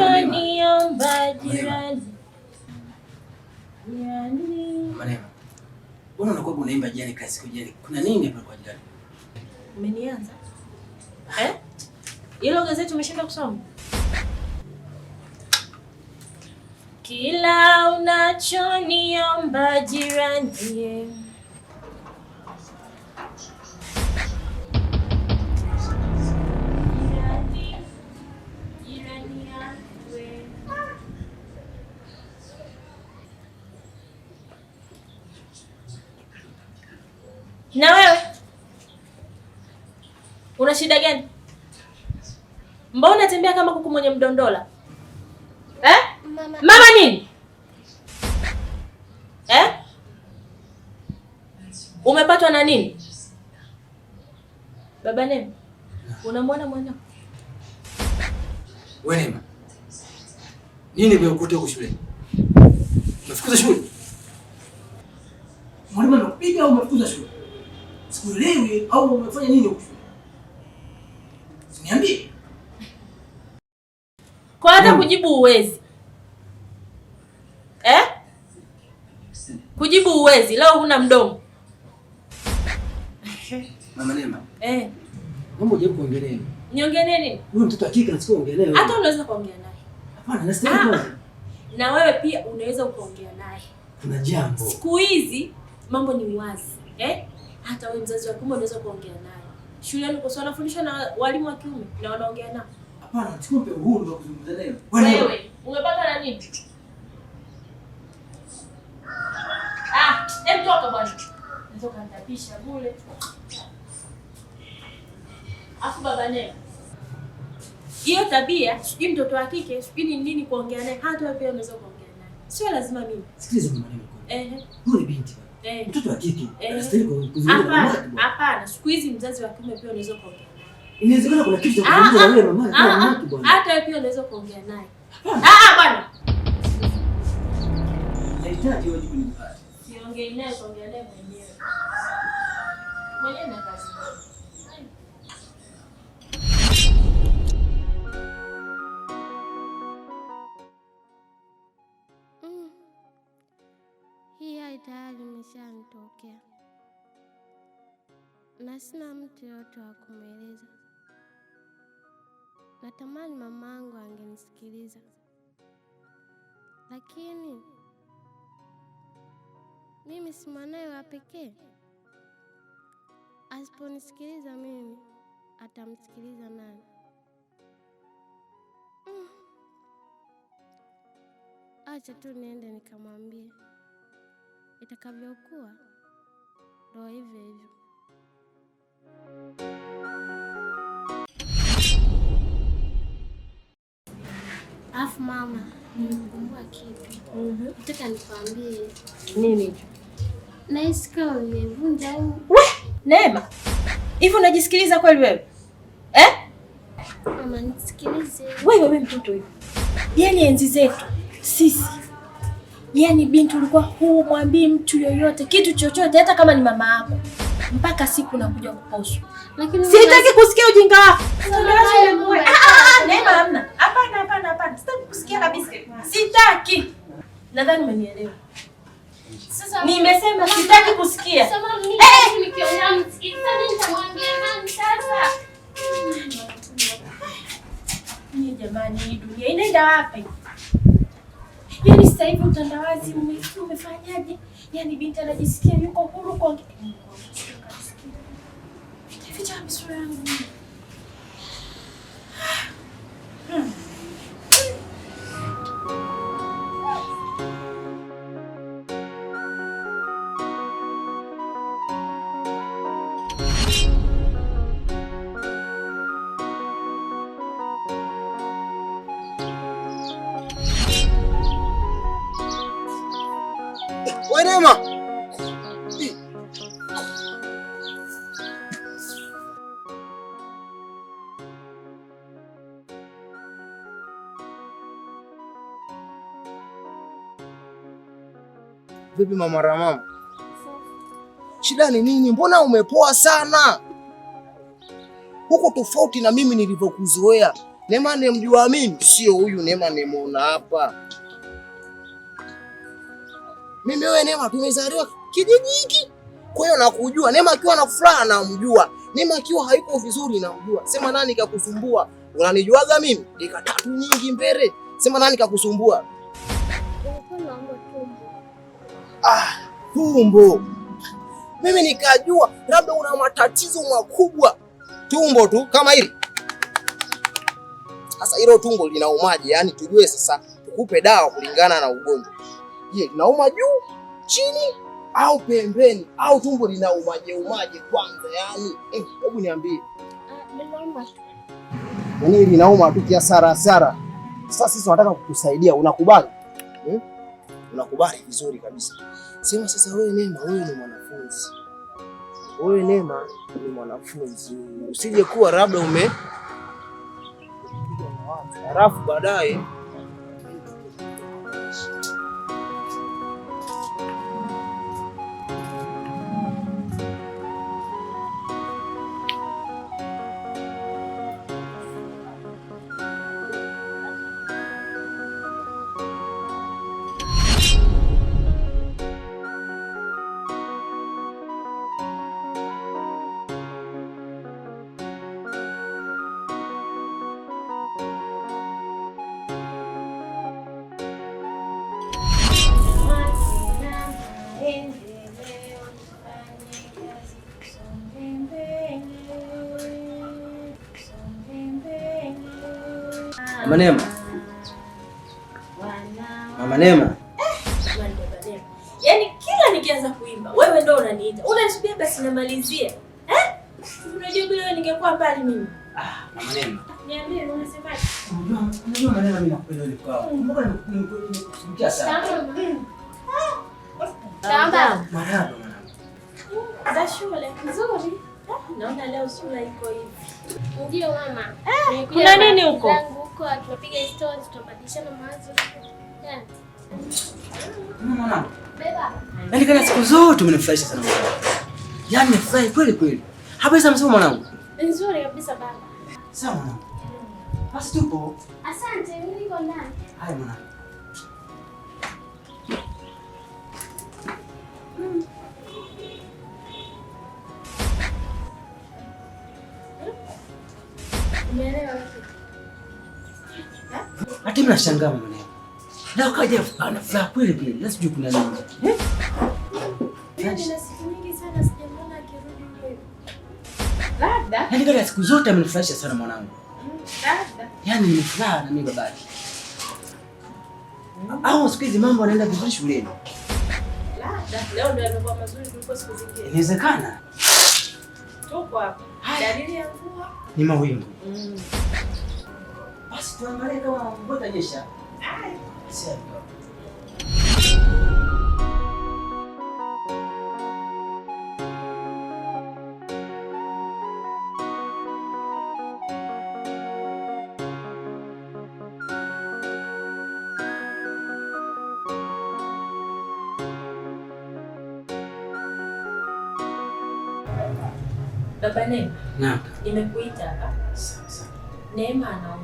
Alichoniomba jirani. mbona unakuwa unaimba jirani kazi jirani? Kuna nini hapa kwa jirani? Umenianza? Eh? gazeti umeshinda kusoma? Kila unachoniomba jirani. Na wewe una shida gani? Mbona unatembea kama kuku mwenye mdondola eh? Mama, mama nini eh? Umepatwa na nini? Baba Nema, unamwona mwana wewe? Nema, nini vimekuta huko shule? Umefukuza shule? Mwalimu anakupiga au umefukuza shule? au umefanya nini huko? Niambie. Kwa hata kujibu uwezi eh? Kujibu uwezi, leo huna mdomo Mama Neema. Eh. Mambo je, kuongea nini? Niongee nini? Huyu mtoto hakika nasikia ongea naye. Hata unaweza kuongea naye. Hapana, nasikia ah, Na wewe pia unaweza ukaongea naye. Kuna jambo. Siku hizi mambo ni wazi. Eh? hata wewe mzazi wa kiume unaweza kuongea naye. Shuleni kwa sababu wanafundishwa na walimu wa kiume na wanaongea nao. Hapana, tupe uhuru wa kuzungumza naye. Wewe umepata na nini? Ah, hem toka bwana. Nitoka nitapisha bure. Afu baba naye. Hiyo tabia, sijui mtoto wa kike, sijui ni nini kuongea naye. Hata wewe pia unaweza kuongea naye. Sio lazima mimi. Sikiliza maneno yako. Ehe. Wewe binti. Eh. mtoto wa kike eh. anastahili kuzungumza. Hapana, siku hizi mzazi wa kiume pia unaweza kuongea. Inawezekana kuna kitu cha ah, kuzungumza ah, na yule mama yake bwana. Ah, Hata wewe pia unaweza kuongea naye. Ah bwana. Nahitaji wajibu nipate. Siongei naye, kuongea naye mwenyewe. Mwenyewe na Hili tayari limeshanitokea na sina mtu yoyote wa kumweleza. Natamani mamangu angenisikiliza, lakini mimi si mwanaye wa pekee. Asiponisikiliza mimi, atamsikiliza nani? Hmm. Acha tu niende nikamwambie itakavyokuwa, ndo hivyo hivyo. Afu mama, nimekumbua kitu mhm. nataka nikwambie. Nini hicho? Nahisi kama nimevunja au Neema, hivi unajisikiliza kweli wewe eh? Mama nisikilize wewe, wewe mtoto hivi, yaani enzi zetu sisi Yaani binti, ulikuwa humwambii mtu yoyote kitu chochote, hata kama ni mama yako, mpaka siku nakuja kuposu. Lakini sitaki kusikia ujinga wako. Ah, ah, ah, neema, hamna. Hapana, hapana, hapana, sitaki kusikia kabisa, sitaki. Nadhani umenielewa. Sasa nimesema sitaki kusikia. Eh! Jamani, hii dunia inaenda wapi? sasa hivi utandawazi umefanyaje? Yani binti anajisikia yuko huru kwa Vipi mama Ramam? Shida ni nini? Mbona umepoa sana? Huko tofauti na mimi nilivyokuzoea. Neema ni mjua mimi, sio huyu Neema muona hapa. Mimi wewe Neema tumezaliwa kijiji hiki. Kwa hiyo nakujua. Neema akiwa na furaha namjua. Neema akiwa haiko vizuri namjua. Sema nani kakusumbua? Unanijuaga mimi? Deka tatu nyingi mbele. Sema nani kakusumbua? ah, tumbo. Mimi nikajua labda una matatizo makubwa, tumbo tu kama hili. Sasa hilo tumbo linaumaje? Yani tujue sasa tukupe dawa kulingana na ugonjwa. Je, linauma juu, chini au pembeni, au tumbo linaumaje umaje kwanza? Yani eh, hebu niambie Ah, linauma tu sara. Sasa sisi tunataka kukusaidia, unakubali? Unakubali vizuri kabisa. Sema sasa wewe Neema, wewe ni mwanafunzi. Wewe Neema ni mwanafunzi. Usije kuwa labda ume halafu baadaye Mama Neema. Mama Neema. Yaani kila nikianza kuimba wewe ndio unaniita. Unanisubia basi namalizie. Eh? Unajua bila ningekuwa mbali mimi. Ah, Mama Za shule nzuri. Eh, naona leo shule iko hivi. Ndio mama. Eh, kuna nini huko? kwa tunapiga stories, tunabadilishana mawazo. Yaani kana siku zote umenifurahisha sana mwanangu. Yaani nimefurahi kweli kweli. Habari za msimu mwanangu? Nzuri kabisa baba. Sawa mwanangu. Basi tupo. Asante, mimi niko ndani. Haya mwanangu. Hmm. Umeelewa? Hata mimi nashangaa mwenyewe. Na ukaja ana furaha kweli kweli. Na sijui kuna nini. Eh? Yaani kwa yaani siku zote amenifurahisha sana mwanangu. Dada. Yaani ni furaha na mimi babaki. Au siku hizi mambo yanaenda vizuri shuleni. Dada, leo ndio yamekuwa mazuri kuliko siku zingine. Inawezekana. Tuko hapa. Dalili ya mvua ni mawingu. Mm. Basi tuangalie kama mvua itanyesha. Baba Neema, nimekuita hapa. Neema ana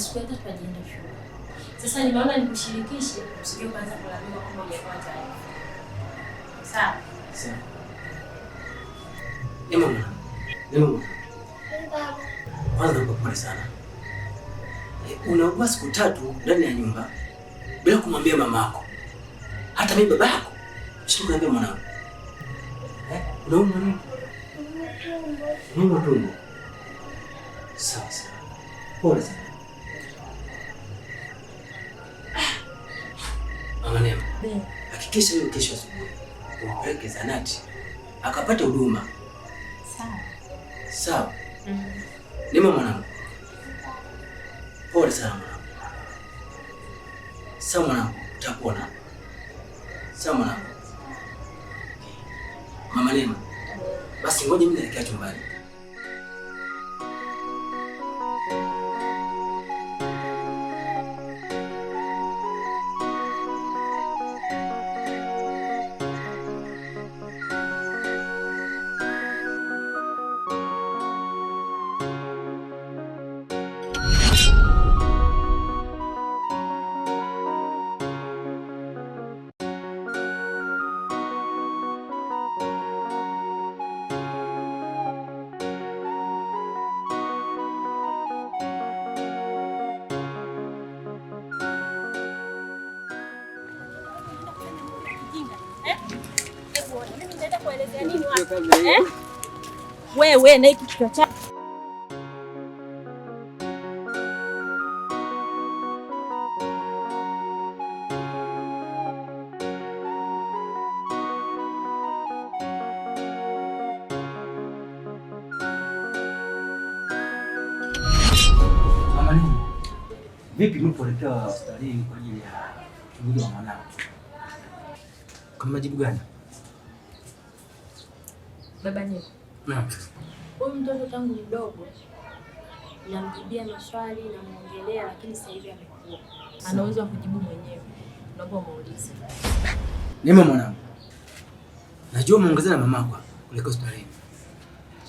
siku hata tunajienda shule. Sasa nimeona nikushirikishe usije kwanza kulalamika kama hujapewa taarifa. Sawa? Sawa. Ni mama. Ni mama. Kwanza naomba pole sana. Eh, Unaugua siku tatu ndani ya nyumba bila kumwambia mamako. Hata mimi baba babako. Sikuambia mwanangu. Eh? Unaumwa nini? Ni tumbo. Unaumwa Sawa sawa. Pole sana. Mama Neema, hakikisha hiyo kesho asubuhi umpeleke zanati akapata huduma. Sawa sawa. mm mm-hmm. Neema mwanangu, pole sana mwanangu. Sawa mwanangu, utapona. Sawa mwanangu. Mama Neema, basi ngoja mimi naelekea chumbani. eh? Wewe na hiki kichwa chako Vipi mpoletewa hospitalini kwa ajili ya uchunguzi wa mwanao? Kwa majibu gani? Baba ni huyu mtoto tangu mdogo namjibia maswali namwongelea, lakini sasa hivi amekuwa ana uwezo wa kujibu mwenyewe. Naomba muulize. Nema mwanangu, najua umeongezana na mamako kule hospitalini.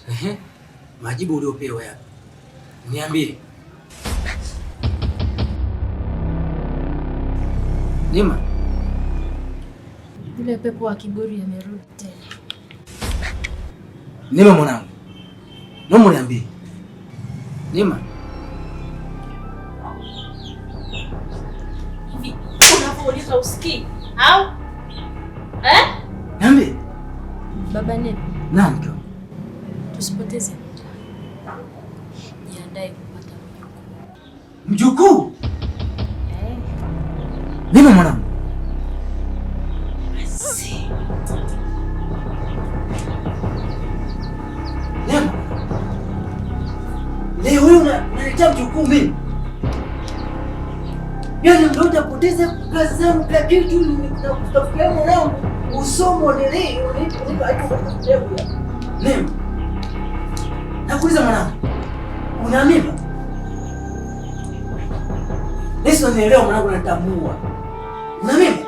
Ehe, majibu uliopewa yapi? Niambie Nema. Yule pepo wa kiburi amerudi. Nima mwanangu, naomba Nima, unapouliza usikii au eh? baba. Nima, naam mke, tusipoteze muda, kupata mjukuu. Mjukuu eh? Nima mwanangu lakini tu nakutafutia mwanangu usome uendelee Nema. Nakuuliza mwanangu, una mimba? Nisi unanielewa mwanangu, natambua una mimba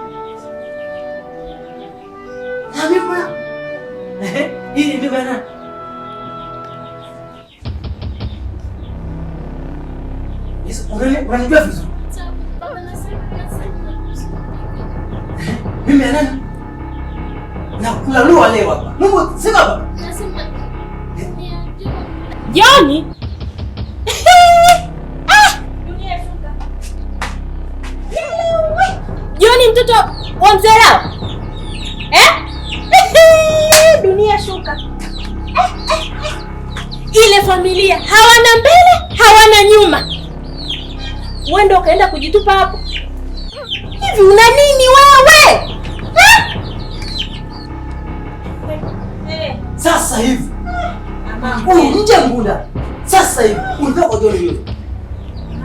mtoto wa mzee lao eh? Dunia shuka eh, eh, eh. Ile familia hawana mbele hawana nyuma, wewe ukaenda kujitupa hapo. Hivi una nini wewe eh? Sasa hivi huyu nje ngula sasa hivi unataka kujua nini?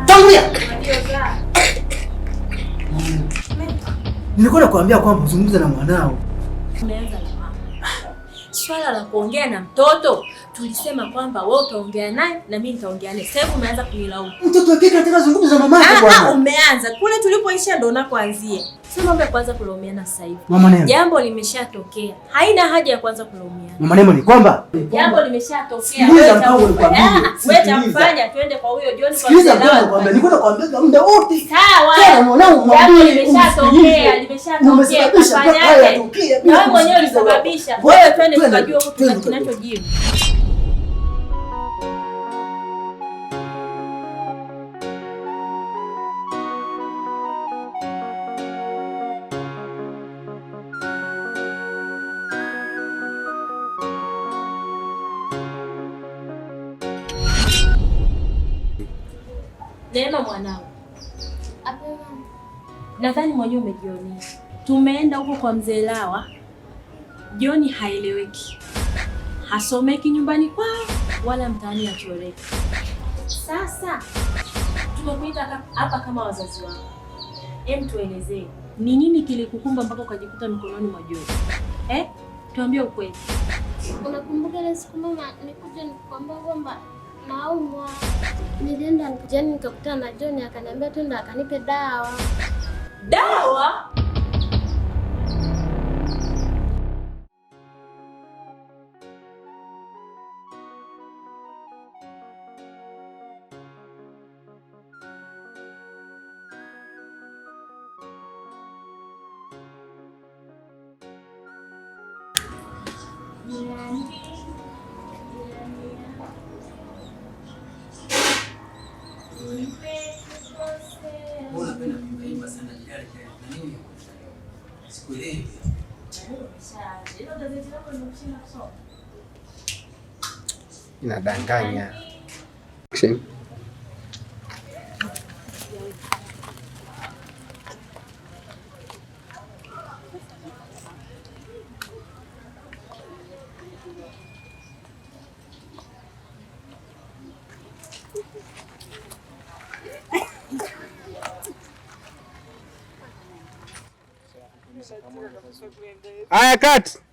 Tangulia. Nilikuwa nakwambia kwamba uzungumze na mwanao. Umeanza na mama. Swala la kuongea na mtoto tulisema kwamba wewe utaongea naye na mimi nitaongea naye. Sasa umeanza kunilaumu. Mtoto akika tena zungumza na mama yako bwana. Umeanza kule tulipoisha ndo unakoanzia. Sio mambo ya kwanza kulaumiana sasa hivi. Mama Nemo. Jambo limeshatokea. Haina haja ya kwanza kulaumiana. Mama Nemo ni kwamba jambo limeshatokea. Wewe tamfanya ah, twende kwa huyo John kwa sababu. Sikiliza kwanza kwamba nilikuwa nakwambia muda wote. Sawa. Tena mwanangu umwambie? limeshatokea, limeshatokea. Fanya yake. Na wewe mwenyewe ulisababisha. Wewe twende tukajue huko kinachojiri. Neema mwanangu, nadhani mwenyewe umejionea, tumeenda huko kwa mzee Lawa, Joni haeleweki, hasomeki nyumbani kwao wala mtaani achoreki. Sasa tumekuita hapa kama wazazi wako, em, tuelezee ni nini kilikukumba mpaka ukajikuta mikononi mwa Joni eh? Tuambie ukweli. Unakumbuka ile siku mama nikuja nikwambia kwamba naumwa. Nilienda njiani nikakutana na John akaniambia twenda akanipe dawa. Dawa? Yeah. Inadanganya. Sing. Aya cut.